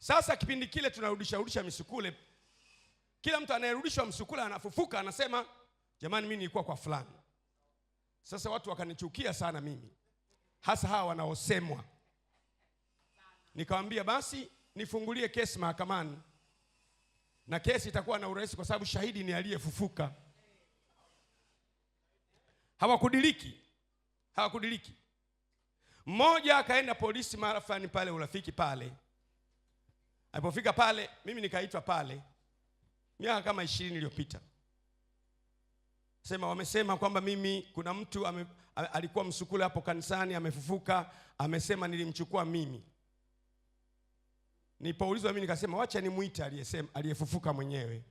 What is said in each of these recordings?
Sasa kipindi kile tunarudisha rudisha misukule, kila mtu anayerudishwa msukule anafufuka anasema, jamani, mimi nilikuwa kwa fulani. Sasa watu wakanichukia sana mimi, hasa hawa wanaosemwa. Nikamwambia basi nifungulie kesi mahakamani, na kesi itakuwa na urahisi kwa sababu shahidi ni aliyefufuka. hawakudiliki hawakudiliki Mmoja akaenda polisi mara fulani pale urafiki pale Alipofika pale, mimi nikaitwa pale miaka kama ishirini iliyopita, sema wamesema kwamba mimi kuna mtu ame, alikuwa msukule hapo kanisani amefufuka, amesema nilimchukua mimi. Nipoulizwa mimi nikasema wacha nimuite aliyesema aliyefufuka mwenyewe,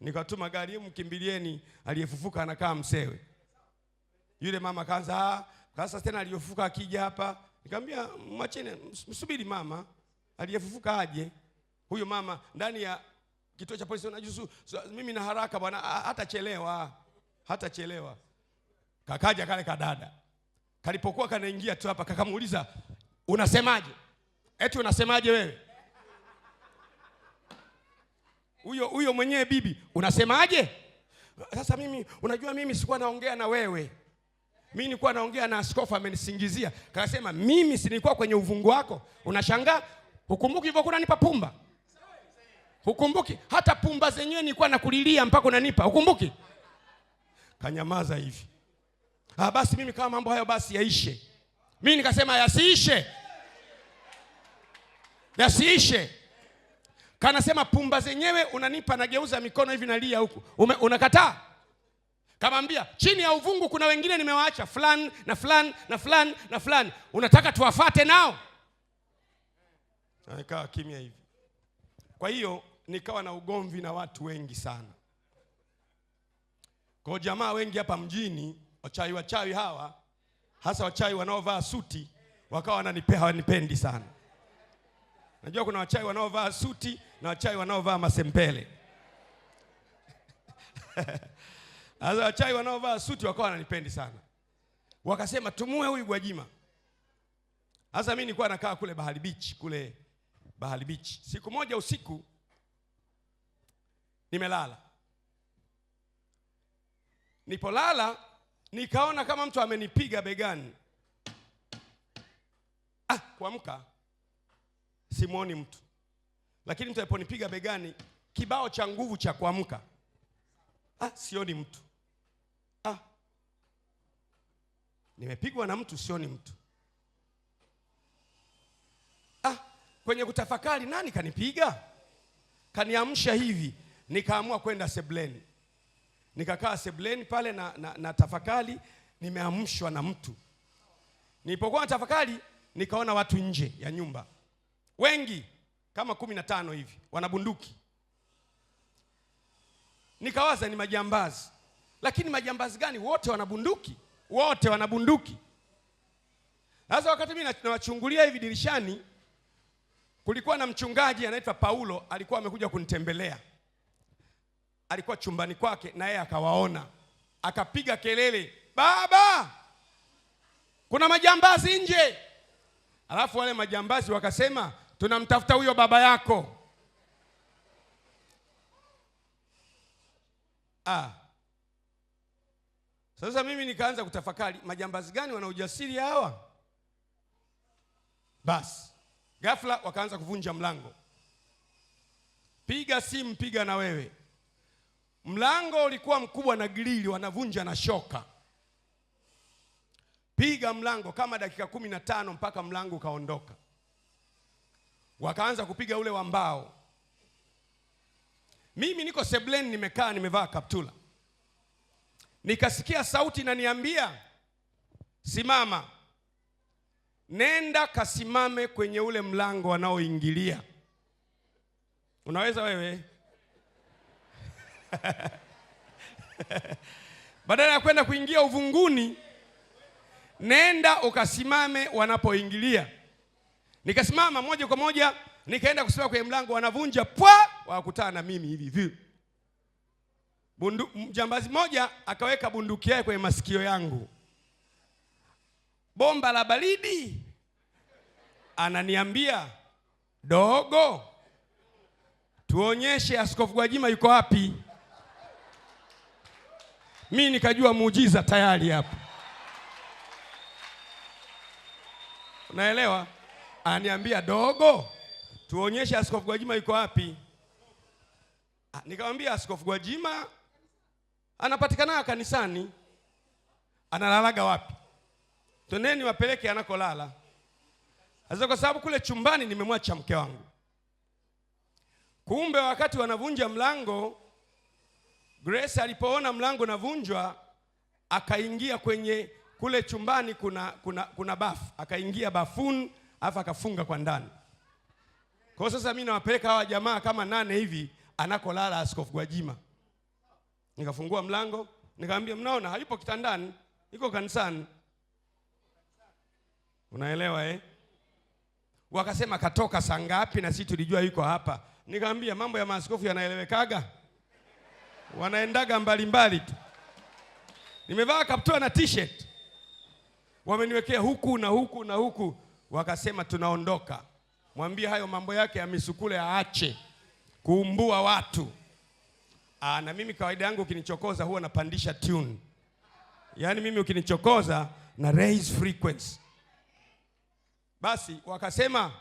nikatuma gari, mkimbilieni aliyefufuka, anakaa Msewe. Yule mama kaanza ah, sasa tena aliyofuka akija hapa, nikamwambia mwacheni, msubiri mama aliyefufuka aje. Huyu mama ndani ya kituo cha polisi, so, mimi na haraka bwana, hatachelewa hatachelewa. Kakaja kale kadada kalipokuwa kanaingia tu hapa, kakamuuliza unasemaje? Eti unasemaje wewe? Huyo huyo mwenyewe bibi, unasemaje? Sasa mimi unajua, mimi sikuwa naongea na wewe, mimi nilikuwa naongea na askofu, amenisingizia. Kasema mimi si nilikuwa kwenye uvungu wako, unashangaa Hukumbuki hivyo kunanipa pumba? Hukumbuki hata pumba zenyewe nilikuwa nakulilia mpaka unanipa. Hukumbuki? Kanyamaza hivi. Ah, basi mimi kama mambo hayo basi yaishe. Mimi nikasema yasiishe. Yasiishe. Kanasema pumba zenyewe unanipa, nageuza mikono hivi nalia huku. Unakataa? Kamwambia chini ya uvungu kuna wengine nimewaacha fulani na fulani na fulani na fulani. Unataka tuwafate nao? nikawa kimya hivi. Kwa hiyo nikawa na ugomvi na watu wengi sana. Kwa jamaa wengi hapa mjini, wachawi wachawi hawa, hasa wachawi wanaovaa suti, wakawa wananipea hawanipendi sana. Najua kuna wachawi wanaovaa suti na wachawi wanaovaa masempele. Hasa wachawi wanaovaa suti wakawa wananipendi sana. Wakasema tumue huyu Gwajima. Hasa mimi nilikuwa nakaa kule Bahari Beach kule Bahari Siku moja usiku nimelala, nipolala nikaona kama mtu amenipiga begani. Ah, kuamka simwoni mtu, lakini mtu aliponipiga begani kibao cha nguvu cha kuamka, ah, sioni mtu ah, nimepigwa na mtu, sioni mtu kwenye kutafakari, nani kanipiga kaniamsha hivi? Nikaamua kwenda sebleni, nikakaa sebleni pale na, na, na tafakari, nimeamshwa na mtu. Nilipokuwa na tafakari, nikaona watu nje ya nyumba wengi kama kumi na tano hivi wanabunduki. Nikawaza ni majambazi, lakini majambazi gani? Wote wanabunduki, wote wanabunduki. Sasa wakati mimi nawachungulia hivi dirishani Kulikuwa na mchungaji anaitwa Paulo, alikuwa amekuja kunitembelea, alikuwa chumbani kwake na yeye akawaona, akapiga kelele, baba, kuna majambazi nje. Alafu wale majambazi wakasema, tunamtafuta huyo baba yako. Ah. Sasa mimi nikaanza kutafakari majambazi gani wana ujasiri hawa? Basi Ghafla wakaanza kuvunja mlango. Piga simu, piga na wewe. Mlango ulikuwa mkubwa na grili, wanavunja na shoka. Piga mlango kama dakika kumi na tano mpaka mlango ukaondoka. Wakaanza kupiga ule wa mbao. Mimi niko sebleni, nimekaa nimevaa kaptula, nikasikia sauti inaniambia simama nenda kasimame kwenye ule mlango wanaoingilia. Unaweza wewe badala ya kwenda kuingia uvunguni, nenda ukasimame wanapoingilia. Nikasimama moja kwa moja, nikaenda kusimama kwenye mlango, wanavunja pwa, wakutana na mimi hivi hivi. Bundu, mjambazi moja akaweka bunduki yake kwenye masikio yangu, bomba la baridi ananiambia dogo, tuonyeshe Askofu Gwajima yuko wapi. Mi nikajua muujiza tayari hapo, unaelewa? Ananiambia dogo, tuonyeshe Askofu Gwajima yuko wapi. Ah, nikamwambia Askofu Gwajima anapatikana kanisani, analalaga wapi? Toneni wapeleke anakolala. Sasa kwa sababu kule chumbani nimemwacha mke wangu, kumbe wakati wanavunja mlango, Grace alipoona mlango navunjwa, akaingia kwenye kule chumbani, kuna kuna, kuna bafu, akaingia bafuni alafu akafunga kwa ndani. Kwa sasa mimi nawapeleka hawa jamaa kama nane hivi anakolala Askofu Gwajima. Nikafungua mlango nikamwambia, mnaona hayupo kitandani, iko kanisani. Unaelewa eh? Wakasema katoka saa ngapi? Na sisi tulijua yuko hapa. Nikamwambia mambo ya maaskofu yanaelewekaga, wanaendaga mbalimbali tu. Nimevaa kaptura na t-shirt, wameniwekea huku na huku na huku. Wakasema tunaondoka, mwambie hayo mambo yake ya misukule aache kuumbua watu. Aa, na mimi kawaida yangu ukinichokoza huwa napandisha tune, yaani mimi ukinichokoza na raise frequency basi wakasema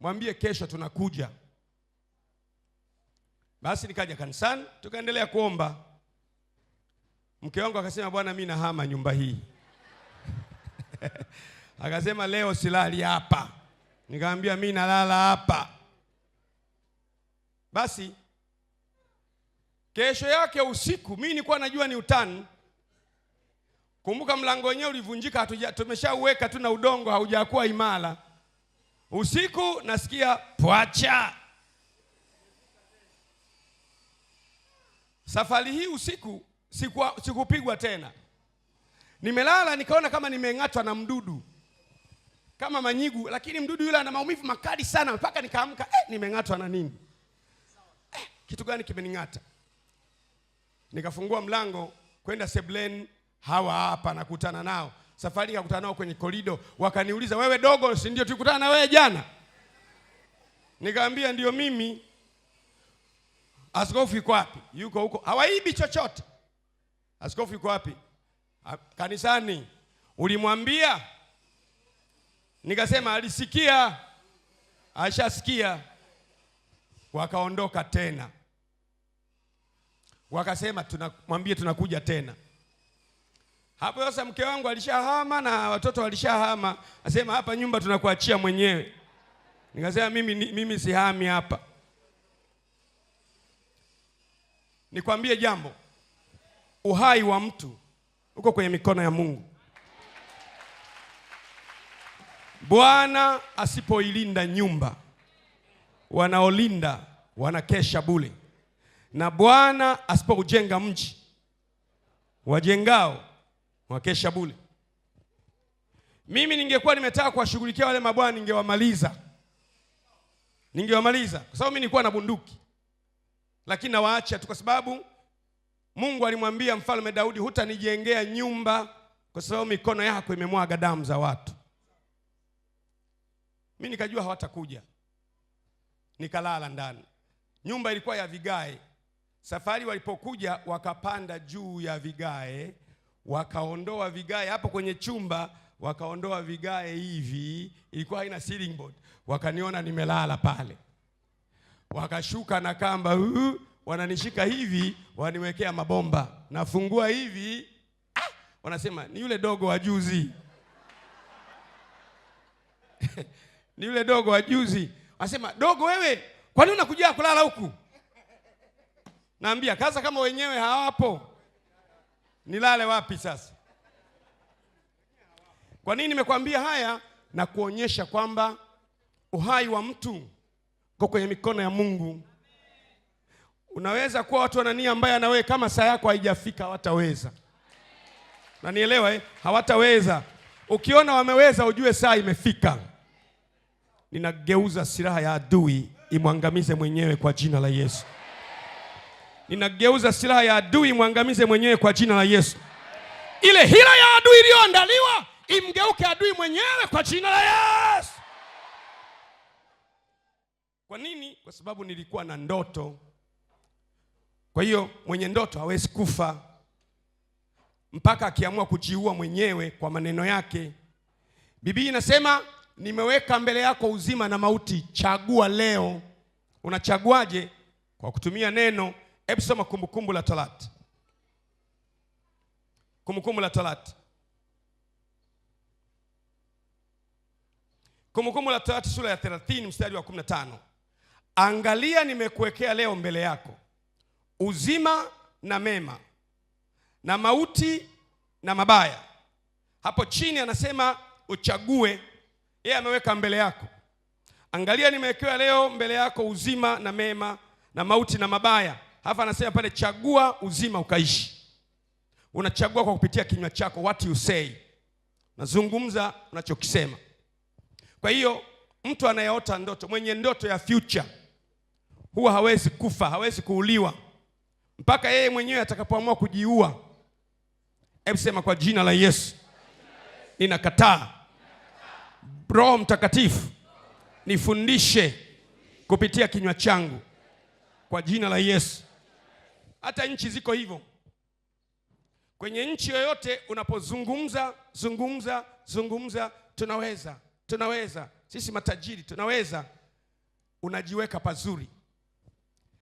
mwambie kesho tunakuja. Basi nikaja kanisani, tukaendelea kuomba. Mke wangu akasema, bwana, mimi nahama nyumba hii akasema leo silali hapa. Nikamwambia mimi nalala hapa. Basi kesho yake usiku, mimi nilikuwa najua ni utani Kumbuka mlango wenyewe ulivunjika, tumeshauweka tu na udongo haujakuwa imara. Usiku nasikia pwacha. Safari hii usiku sikupigwa tena, nimelala nikaona kama nimeng'atwa na mdudu kama manyigu, lakini mdudu yule ana maumivu makali sana mpaka nikaamka, eh, nimeng'atwa na nini? Eh, kitu gani kimening'ata? Nikafungua mlango kwenda seblen hawa hapa nakutana nao safari, kakutana nao kwenye korido, wakaniuliza wewe dogo, si ndio tulikutana na wewe jana? Nikamwambia ndio mimi. Askofu yuko wapi? Yuko huko, hawaibi chochote. Askofu yuko wapi? Kanisani. Ulimwambia? Nikasema alisikia, ashasikia. Wakaondoka tena, wakasema tunamwambia tunakuja tena. Hapo sasa mke wangu alishahama na watoto walishahama, asema hapa nyumba tunakuachia mwenyewe. Nikasema mimi, mimi sihami hapa. Nikwambie jambo, uhai wa mtu uko kwenye mikono ya Mungu. Bwana asipoilinda nyumba, wanaolinda wanakesha bule, na Bwana asipoujenga mji, wajengao wakesha bule. Mimi ningekuwa nimetaka kuwashughulikia wale mabwana, ningewamaliza, ningewamaliza kwa sababu mimi nilikuwa na bunduki, lakini nawaacha tu kwa sababu Mungu alimwambia mfalme Daudi, hutanijengea nyumba kwa sababu mikono yako imemwaga damu za watu. Mi nikajua hawatakuja, nikalala ndani. Nyumba ilikuwa ya vigae. Safari walipokuja wakapanda juu ya vigae, wakaondoa vigae hapo kwenye chumba, wakaondoa vigae hivi, ilikuwa haina ceiling board. Wakaniona nimelala pale, wakashuka na kamba huu, wananishika hivi, waniwekea mabomba, nafungua hivi ah, wanasema ni yule dogo wa juzi ni yule dogo wa juzi. Wanasema dogo wewe, kwa nini unakuja kulala huku? Naambia kaza, kama wenyewe hawapo nilale wapi sasa? Kwa nini nimekwambia haya? Na kuonyesha kwamba uhai wa mtu uko kwenye mikono ya Mungu. Unaweza kuwa watu wanania mbaya na wewe, kama saa yako haijafika hawataweza. Na nielewa eh, hawataweza. Ukiona wameweza, ujue saa imefika. Ninageuza silaha ya adui imwangamize mwenyewe kwa jina la Yesu ninageuza silaha ya adui mwangamize mwenyewe kwa jina la Yesu. Ile hila ya adui iliyoandaliwa imgeuke adui mwenyewe kwa jina la Yesu. Kwa nini? Kwa sababu nilikuwa na ndoto. Kwa hiyo mwenye ndoto hawezi kufa mpaka akiamua kujiua mwenyewe kwa maneno yake. Biblia inasema nimeweka mbele yako uzima na mauti, chagua leo. Unachaguaje? Kwa kutumia neno Hebu soma Kumbukumbu la Torati, Kumbukumbu la Torati, Kumbukumbu la Torati sura ya 30 mstari wa 15. Angalia, nimekuwekea leo mbele yako uzima na mema na mauti na mabaya. Hapo chini anasema uchague, yeye ameweka mbele yako. Angalia, nimewekewa leo mbele yako uzima na mema na mauti na mabaya hafa anasema pale, chagua uzima ukaishi. Unachagua kwa kupitia kinywa chako, what you say, nazungumza unachokisema. Kwa hiyo mtu anayeota ndoto, mwenye ndoto ya future huwa hawezi kufa, hawezi kuuliwa mpaka yeye mwenyewe atakapoamua kujiua. Hebu sema kwa jina la Yesu, ninakataa. Roho Mtakatifu nifundishe kupitia kinywa changu kwa jina la Yesu. Hata nchi ziko hivyo. Kwenye nchi yoyote unapozungumza zungumza zungumza, tunaweza tunaweza, sisi matajiri tunaweza, unajiweka pazuri.